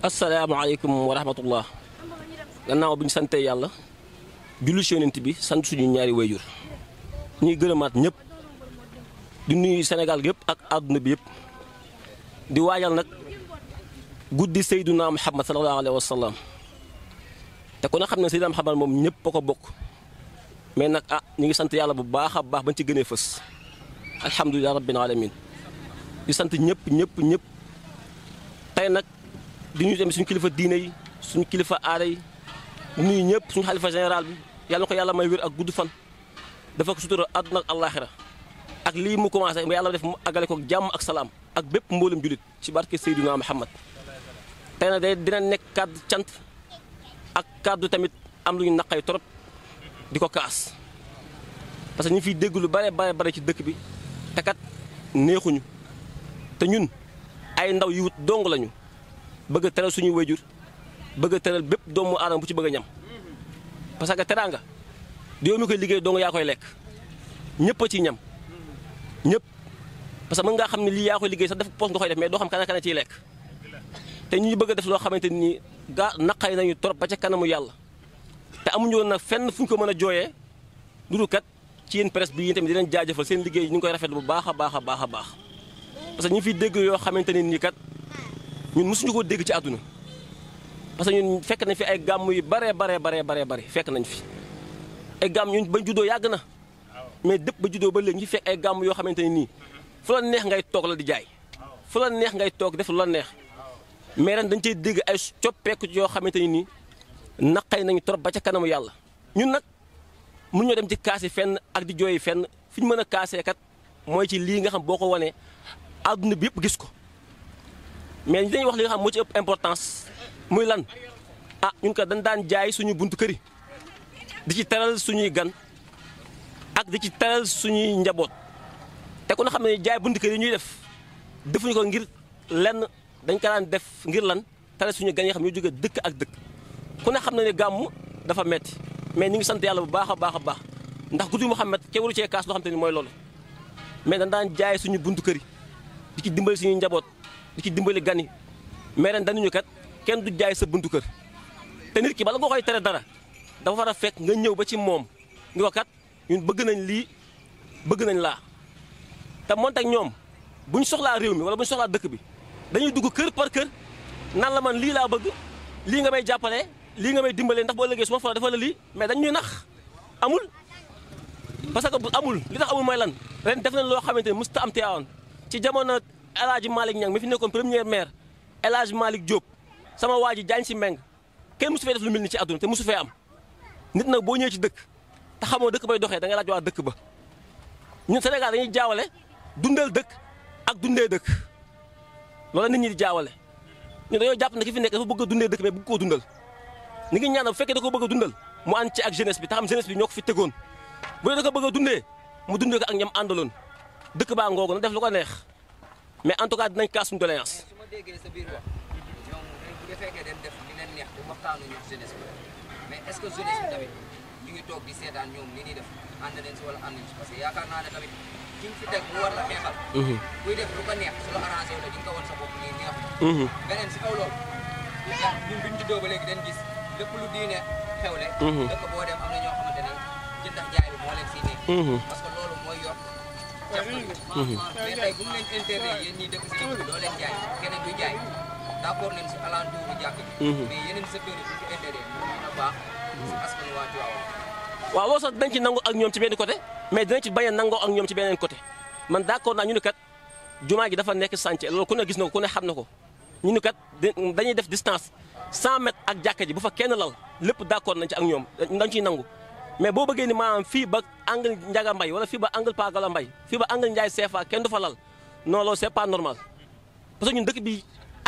asalaamaaleykum wa rahmatullah gannaaw bi ñu sante yàlla julli ci yonent bi sant suñu ñaari wayjur ñuy gërëmaat ñëpp di nuyu Sénégal yëpp ak àdduna bi yëpp di waajal nag guddi Seyduna Muhammad sallallahu alayhi wa sallam te ku ne xam ne Seyduna Muhammad moom ñëpp a ko bokk mais nag ah ñu ngi sant yàlla bu baax a baax bañ ci gënee fës alhamdulilah rabbil alamin di sant ñëpp ñëpp ñëpp tey nag. di nuyu tamit suñu kilifa diine yi suñu kilifa aada yi di nuyu ñëpp suñu xalifa général bi yàlla ko yàlla may wér ak gudd fan dafa ko sutura àdduna ak ak lii mu commencé yàlla def mu àggale ko jàmm ak salaam ak bépp mboolem julit ci barke Seydina Muhammad tey nag day dina nekk kàdd cant ak kàddu tamit am lu ñu naqay trop di ko kaas parce que ñu fiy dégg lu bare bare bare ci dëkk bi te kat neexuñu te ñun ay ndaw yu wut dong lañu. bëgg a teral suñu wayjur bëgg a teral bépp doomu aadama bu ci bëgg a ñam parce que teraanga yow mi koy liggéey dong yaa koy lekk ñëpp a ci ñam ñëpp parce que mën ngaa xam ne lii yaa koy liggéey sax def poos nga koy def mais doo xam kana kana ciy lekk te ñu bëgg a def loo xamante ni gaa naqay nañu trop ba ca kanamu yàlla te amuñu woon nag fenn fu ñu ko mën a jooyee ludul kat ci yéen presse bi yéen tamit di leen jaajëfal seen liggéey ñu ngi koy rafetlu bu baax a baax a baax a baax parce que ñu fi dégg yoo ni kat. ñun mësuñu ko dégg ci àdduna parce que ñun fekk nañ fi ay gàmm yu baree baree baree baree fekk nañ fi ay gàmm ñun ba juddoo yàgg na mais dëpp ba juddoo ba léegi ñu fekk ay gàmm yoo xamante ne nii fu la neex ngay toog la di jaay fu la neex ngay toog def lu la neex mais ren dañ cey dégg ay coppeeku yoo xamante ni nii naqay nañu trop ba ca kanamu yàlla ñun nag mu ñoo dem ci kaas yi fenn ak di jooyi fenn fi ñu mën a kaasee kat mooy ci lii nga xam boo ko wanee àdduna yëpp gis ko mais dañuy wax li nga xam moo ci ëpp importance muy lan ah ñun ko dañ daan jaay suñu buntu kër yi di ci teral suñuy gan ak di ci teral suñuy njaboot te ku na xam ne jaay buntu kër yi ñuy def defuñu ko ngir lenn dañ ko daan def ngir lan teral suñu gan yi xam ne jógee dëkk ak dëkk ku ne xam ne ne gàmm dafa metti mais ñu ngi sant yàlla bu baax a baax a baax ndax guddi Muhammad kenn waru cee kaas loo xam te mooy loolu mais dañ daan jaay suñu buntu kër yi ci dimbali suñuy njaboot di ci dimbali gani yi mais ren dañu ñu kat kenn du jaay sa buntu kër te nit ki bala nga koy tere dara dafa war a fekk nga ñëw ba ci moom ni ko kat ñun bëgg nañ lii bëgg nañ laa te moonte ñoom bu ñu soxlaa réew mi wala bu ñu soxlaa dëkk bi dañuy dugg kër par kër nan la man lii laa bëgg lii nga may jàppale lii nga may dimbalee ndax boo liggéey su ma fa dafa lii mais dañuy nax amul parce que amul li tax amul mooy lan ren def nañ loo xamante ne mosut am teewoon ci jamono El Hadj Malick Niang mi fi nekkoon premier maire El Hadj Malick Diop sama waa ji jaañ si meng kenn mosu fee def lu mil ni ci àdduna te mosu fee am nit nag boo ñëwee ci dëkk te xamoo dëkk bay doxee da nga waa dëkk ba ñun Sénégal dañuy jaawale dundal dëkk ak dundee dëkk loolu nit ñi di jaawale ñun jàpp ne ki fi nekk dafa dundee dëkk mais bëgg koo dundal ni ngi ñaan bu fekkee da ko bëgg dundal mu ànd ci ak jeunesse bi taxam xam bi ñoo ko fi tegoon bu dee da ko bëgg dundee mu dundee ko ak ñam àndaloon dëkk ba ngoogu na def lu ko neex mais en tout cas dinañ kaas suñu doléance. su ma déggee sa biir wax ñoom bu fekkee dañ def li leen neex te waxtaanuñu jeunesse est-ce que jeunesse bi tamit ñu ngi toog di ñoom li ñuy def ànd leen si wala ànduñu si parce que mu war la xeexal. Mhm. kuy def lu ko neex su la arrangé la di wan sa bopp nii neex. Mhm. beneen si kaw loolu. ñun ñun biñ juddoo léegi dañ gis lépp lu diine xewle. Mhm. dëkk boo dem am na ñoo xamante ne jëndax jaay bi moo leen siy nekk. mais tey bu ñu leen interdit yéen ñi dëkk si doo leen jaay keneen du jaay d'accord leen si alentour jàkk ji mhm. mais yeneen secteur yi bu ñu interdit dina baax si askan waa Tivaouane waaw woo sax dinañ ci nangoo ak ñoom ci benn côté mais dinañ ci bañ a nangoo ak ñoom ci beneen côté man d'accord naa ñu ne kat jumaa gi dafa nekk sànce loolu ku ne gis na ko ku ne xam na ko ñu ne kat dañuy def distance 100 mètres ak jàkka ji bu fa kenn lal lépp d'accord nañ ci ak ñoom dañ ciy nangu mais boo bëggee ni maanaam fii ba angle Ndiaga Mbaye wala fii ba angle Pakala Mbaye fii ba angle Ndiaye CFA kenn du fa lal non loolu ñun dëkk bi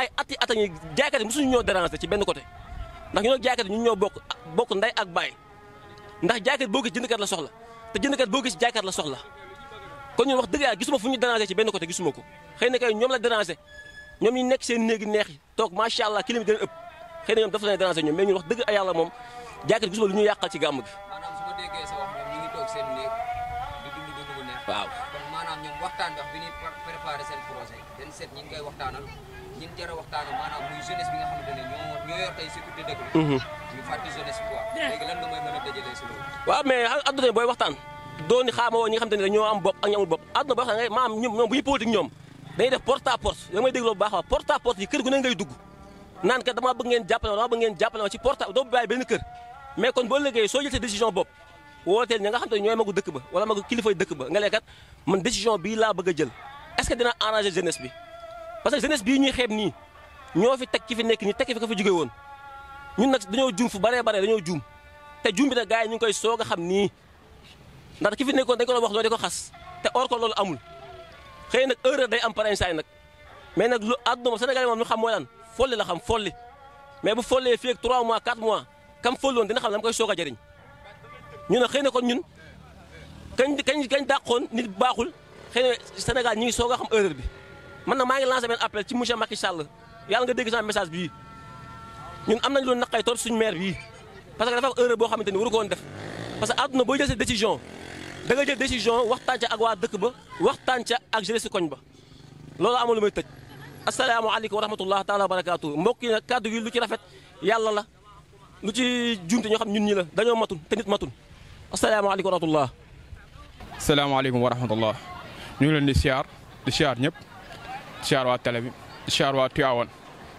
ay at yi at a ngi jaaykat yi mosuñu ñoo ci benn côté ndax ñun ak jaaykat yi ñun ñoo bokk bokk nday ak baay ndax jaaykat boo gis jëndkat la soxla te jëndkat boo gis jaaykat la soxla ko ñun wax dëgg yàlla gisuma fu ñu déranger ci benn côté gisuma ko xëy na kay ñoom la déranger ñoom ñi nekk seen néegi neex yi toog macha allah kilim gën a ëpp xëy na ñoom dafa leen déranger ñoom mais ñun wax a yàlla moom ñu yàqal ci gàmm gi préparé seen projet den seet ñi ngi a waxtaanal ne ñoo ñoo yor tey sécurité dëkk mhm. a dajale waxtaan dooni xaama woo ñi nga xamante ne ñoo am bopp ak ñu ñoom ñoom bu ñu politique ñoom dañuy def porte à porte da may dégloo bu baax waa porte à porte yi kër gu ne ngay dugg naan kat damaa bëgg ngeen jàppale ma damaa bëgg ngeen jàppale ma ci porte doo bàyyi benn kër mais kon boo liggéey soo jël sa décision bopp wooteel ña nga xam te ne ñooy magu dëkk ba wala magu kilifay dëkk ba nga leekat man décision bii laa bëgg jël est-ce que dina arranger jeunesse bi parce que jeunesse bi ñuy xeb ni ñoo fi tek ki fi nek nii tek fi ko fi jugé won ñun nak dañoo joom fu bare bare dañoo joom te joom bi da gaay ñu koy soga xam ni ndax ki fi nekkon dañ ko wax loolu diko xass te or ko lolu amul xëy nak erreur day am parain say nak mais nak lu àdduna moom Sénégal moom lu xam moy lan folli la xam folli mais bu follé fi ak 3 mois 4 mois kam folli woon dina xam lam koy soga a ñu na xëy nak kon ñun kañ kañ kañ dàqoon nit baaxul xëy na Sénégal ñi ngi soog a xam erreur bi man nag maa ngi lancé benn appel ci monsieur Macky Sall yàlla nga dégg sama message bii ñun am nañu lu naqay trop suñu maire bii parce que dafa am erreur boo xamante ni waru ko woon def parce que àdduna booy jël sa décision da nga jël décision waxtaan ca ak waa dëkk ba waxtaan ca ak jële si koñ ba loolu amul lu may tëj asalaamaaleykum wa rahmatullah taala wa barakaatu mbokk yi nag kàddu gi lu ci rafet yàlla la lu ci jumte ñoo xam ñun ñi la dañoo matun te nit matun asalaamaaleykum wa rahmatullah asalaamaaleykum wa rahmatullah ñu ngi leen di siyaar di siyaar ñëpp di siyaar waa télé bi di siyaar waa Tiwaawan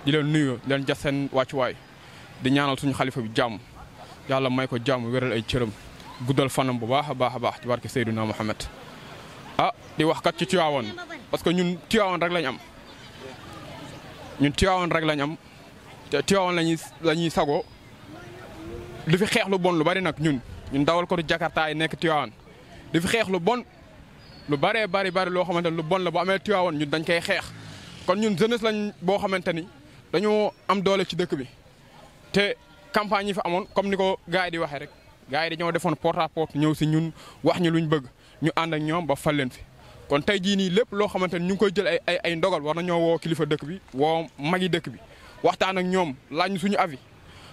di leen nuyu di leen jax seen wàccuwaay di ñaanal suñu xalifa bi jàmm yàlla may ko jàmm wéral ay cëram guddal fanam bu baax a baax a baax ci barke Seydina Mohamed. a ah, di wax kat ci Tiwaawan parce que ñun Tiwaawan rek lañ am ñun Tiwaawan rek lañ am te Tiwaawan lañuy lañuy sagoo di fi xeex lu bon lu bari nag ñun ñun dawal ko du Jakarta yi nekk Tiwaawan di fi xeex lu bon. lu bëree bëri bëri loo xamante ne lu bon la bu amee Tiwaawoon ñu dañ koy xeex kon ñun jeunesse lañ boo xamante ni dañoo am doole ci dëkk bi te campagne yi fi amoon comme ni ko gars yi di waxee rek gars di dañoo defoon porte à ñëw si ñun wax ñu luñ bëgg ñu ànd ak ñoom ba fal leen fi. kon tey jii nii lépp loo xamante ni ñu ngi koy jël ay ay ay ndogal war nañoo woo kilifa dëkk bi woo magi dëkk bi waxtaan ak ñoom laaj suñu avis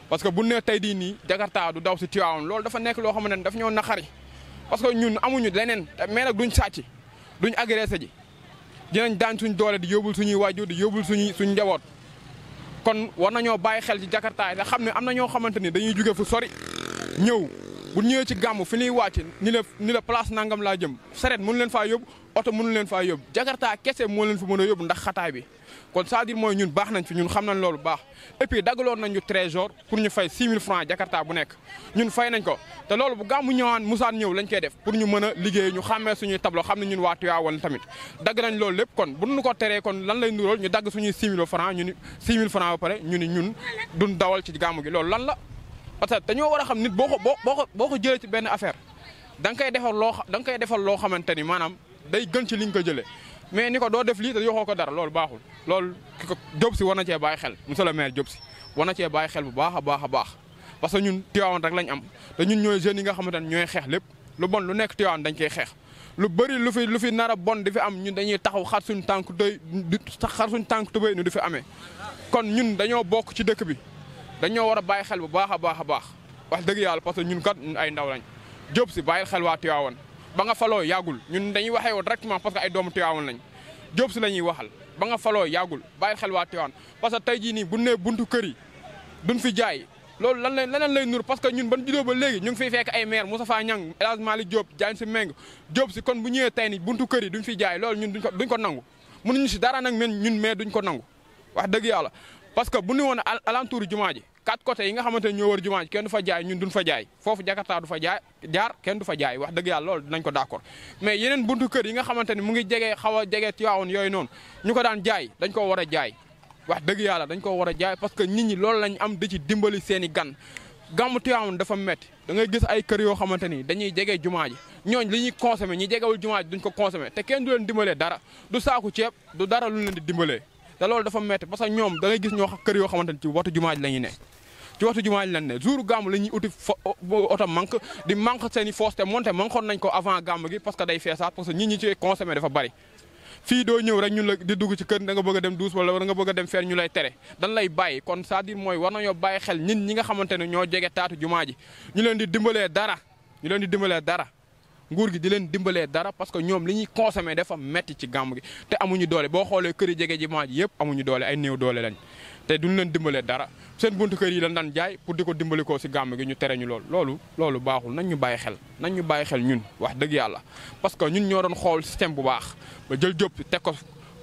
parce que bu ne tey jii nii Jakarta du daw si Tiwaawoon loolu dafa nekk loo xamante ni daf ñoo naqari. parce que ñun amuñu leneen mais nag duñ sàcc duñ agressé ji dinañ daan suñ doole di yóbbul suñuy waajur di yóbbul suñu suñ njaboot kon war nañoo bàyyi xel ci jakartaay te xam ne am na ñoo xamante ni dañuy jóge fu sori ñëw bu ñëwee ci gàmm fi ñuy wàcc ni la ni la place nangam laa jëm saret mënu leen faa yóbbu oto mënu leen faa yóbbu jakarta kese moo leen fa mën a yóbbu ndax xataay bi kon cest à mooy ñun baax nañ fi ñun xam nañ loolu baax et puis dagaloon nañ ñu trésor pour ñu fay 6000 francs jakarta bu nekk ñun fay nañ ko te loolu bu gàmmu ñëwaan musaan ñëw lañ koy def pour ñu mën a liggéey ñu xàmmee suñuy tableau xam ne ñun waa Tivaouane tamit dagg nañ loolu lépp kon bu ñu ko teree kon lan lay nurool ñu dagg suñuy 6000 francs ñu ni 6000 francs ba pare ñu ni ñun duñ dawal ci gàmmu gi loolu lan la parce que dañoo war a xam nit boo ko boo ko boo ko jëlee ci benn affaire da nga koy defal loo da nga koy defal loo xamante ni maanaam day gën ci li nga ko jëlee mais ni ko doo def lii te yoxoo ko dara loolu baaxul loolu ki ko Diop si war na cee bàyyi xel monsieur le maire Diop si war a cee bàyyi xel bu baax a baax a baax parce que ñun Tivaouane rek lañ am te ñun ñooy jeunes yi nga xamante ne ñooy xeex lépp lu bon lu nekk Tivaouane dañ koy xeex lu bëri lu fi lu fi nar a bon di fi am ñun dañuy taxaw xar suñu tànk doy xar suñu tànk tubéy nu di fi amee kon ñun dañoo bokk ci dëkk bi dañoo war a bàyyi xel bu baax a baax a baax wax dëgg yàlla parce que ñun kat ñun ay ndaw lañ Diop si bàyyil xel waa Tivaouane ba nga faloo yàggul ñun dañuy waxee woo directement parce que ay doomu Tivaouane lañ Diop si la ñuy waxal ba nga faloo yàggul bàyyil xel waa Tivaouane parce que tey jii nii bu nee buntu kër yi duñ fi jaay loolu lan lay leneen lay nur parce que ñun ban juddoo ba léegi ñu ngi fiy fekk ay maire Moustapha Niang El Hadj Malick Diop jaañ si méng Diop si kon bu ñëwee tey ni buntu kër yi duñ fi jaay loolu ñun duñ ko duñ ko nangu mënuñu dara nag ñun mais duñ ko nangu wax dëgg yàlla parce que bu ñu woon alentour jumaa ji quatre côté yi nga xamante ne ñoo wër jumaa kenn du fa jaay ñun duñ fa jaay foofu Jakarta du fa jaay jaar kenn du fa jaay wax dëgg yàlla lool dinañ ko d'accord mais yeneen buntu kër yi nga xamante ne mu ngi jege xaw a jege Tiwaawoon yooyu noonu ñu ko daan jaay dañ ko war a jaay wax dëgg yàlla dañ ko war a jaay parce que nit ñi loolu lañ am di ci dimbali seen i gan gàmmu Tiwaawoon dafa métti da ngay gis ay kër yoo xamante ni dañuy jege jumaa ji ñooñ li ñuy consommé ñ jegewul jumaa ji duñ ko consommé te kenn du dimbalee dara du saaku ceeb du dara te loolu dafa metti parce que ñoom da ngay gis ñoo kër yoo xamante ne ci waxtu jumaa ji la ñuy ne ci waxtu jumaa ji lañ ne jour gàmm la oto manque di manque seen i force te monté manque nañ ko avant gàmm gi parce que day feesaat parce que ñi ñi ci consommé dafa bari fii doo ñëw rek ñun la di dugg ci kër da nga bëgg dem douche wala da nga bëgg a dem fer ñu lay tere dan lay bàyyi kon c'est-à-dire mooy war nañoo bàyyi xel ñin ñi nga xamante ne ñoo jege taatu jumaa ñu leen di dimbalee dara ñu leen di dimbalee dara nguur gi di leen dimbalee dara parce que ñoom li ñuy consommer dafa metti ci gàmm gi te amuñu doole boo xoolee kër yi jege ji maa ji yëpp amuñu doole ay néew doole lañ te duñ leen dimbalee dara seen buntu kër yi lañ daan jaay pour di ko dimbali ko si gi ñu tere ñu loolu loolu baaxul nañ ñu bàyyi xel nañ ñu bàyyi xel ñun wax dëgg yàlla parce que ñun ñoo doon xool système bu baax ba jël jóp teg ko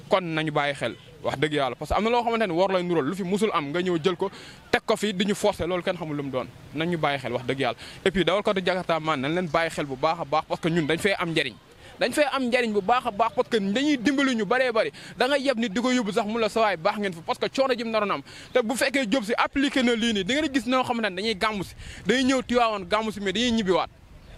kon nañu bàyyi xel wax dëgg yàlla parce que am na loo xamante ne war lay nural lu fi musul am nga ñëw jël ko teg ko fi di ñu forcer loolu kenn xamul lu doon nañ ñu bàyyi xel wax dëgg yàlla et puis dawalkatu jakarta man leen bàyyi xel bu baax a baax parce que ñun dañ fee am njëriñ dañ fay am njariñ bu baax a baax parce dañuy dimbali ñu bëree bëri da nga yeb nit di ko yóbbu sax mu la sawaay baax ngeen fi parce que coono jim naroon am te bu fekkee job si appliqué na lii nii di nga gis noo xamante ne dañuy gàmmu si dañuy ñëw tiwaawoon gàmmu si mais dañuy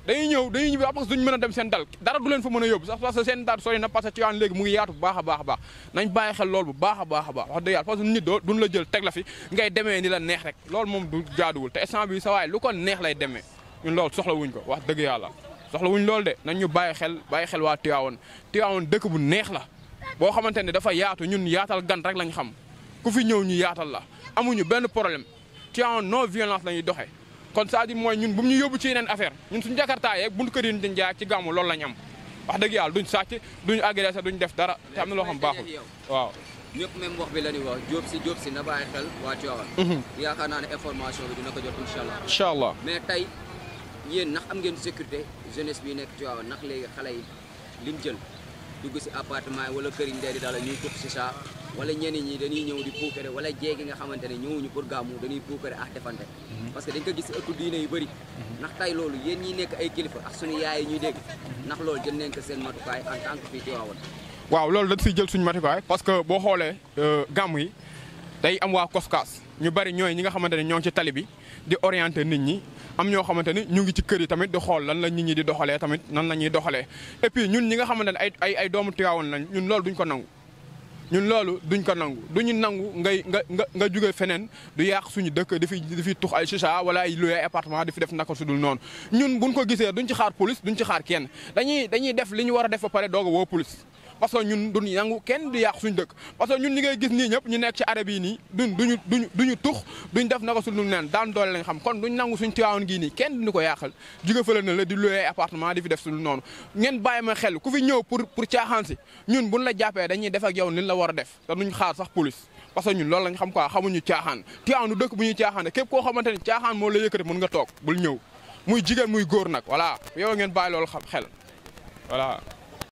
dañuy ñëw dañuy ñibbi après duñu mën a dem seen dal dara du leen fa mën a yóbbu sax parce que seen daal sori na parce que Tivaouane léegi mu ngi yaatu bu baax a baax a baax nañ bàyyi xel lool bu baax a baax a baax wax dëgg yàlla parce que nit la jël teg la fi ngay demee ni la neex rek loolu moom du jaaduwul te instant bi sa waay lu ko neex lay demee ñun loolu soxla wuñ ko wax dëgg yàlla soxla loolu de nañ ñu bàyyi xel bàyyi xel waa Tivaouane dëkk bu neex la boo xamante ne dafa yaatu ñun yaatal gan rek lañ xam ku fi ñëw ñu yaatal la amuñu benn problème Tivaouane non violence la ñuy doxee kon cest à mooy ñun bu ñu yóbbu ci yeneen affaire ñun suñu jakartaa yeeg buntu kër yi ñu jaay ci gàmmu loolu am wax dëgg yàlla duñ sàcc duñ agressé duñ def dara te am na baaxul waaw ñëpp même wax bi la ni wax Diop si Diop si na bàyyi xel waa Tivaouane mhm. yaakaar naa ne information bi dina ko jot incha allah incha allah mais tey yéen am ngeen sécurité jeunesse bi nekk Tivaouane ndax léegi xale yi liñ jël dugg si appartement yi wala kër yi ndey di daal ñuy tux si saa wala ñenn ñi dañuy ñëw di puukare wala jeegi nga xamante ne ñëwuñu pour gàmmu dañuy puukare ak defante mhm. parce que dañ ko gis si ëttu diine bëri mhm. ndax tey loolu yéen nekk ay kilifa ak suñu yaay ñuy dégg mhm. ndax loolu jël nañ seen matukaay en waaw loolu dañ siy jël suñu matukaay parce que boo xoolee euh, gàmm yi tey am waa koskaas ñu bari ñooy ñi nga xamante ne ñoo ci tali bi di orienter nit ñi am ñoo xamante ni ñu ngi ci kër yi tamit di xool lan la nit ñi di doxalee tamit nan la ñuy doxalee et puis ñun ñi nga xamante ne ay ay ay doomu Tivaouane lañ ñun loolu duñ ko nangu ñun loolu duñ ko nangu duñu nangu ngay nga nga nga jóge feneen du yàq suñu dëkk dafi dafi tux ay chicha wala ay loué appartement dafi def naka su dul noonu ñun buñ ko gisee duñ ci xaar police duñ ci xaar kenn dañuy dañuy def li ñu war a def ba pare doog a woo police parce que ñun duñ nangu kenn di yàq suñ dëkk parce que ñun ñi gis nii ñëpp ñu nekk ci arab yi nii duñ duñu duñ duñu tux duñ def naka sul neen daan doole lañ xam kon duñ nangu suñ tiwaawoon gii nii kenn duñu ko yàqal jóge fële na la di loué di fi def sul noonu ngeen bàyyi ma xel ku fi ñëw pour pour caaxaan si ñun buñ la jàppee dañuy def ak yow ni la war a def te duñ xaar sax police parce que ñun loolu lañ xam quoi xamuñu caaxaan tiwaawoon du dëkk bu ñuy caaxaan képp koo xamante ni caaxaan moo la yëkkati mën nga toog bul ñëw muy jigéen muy góor nag voilà yow ngeen bàyyi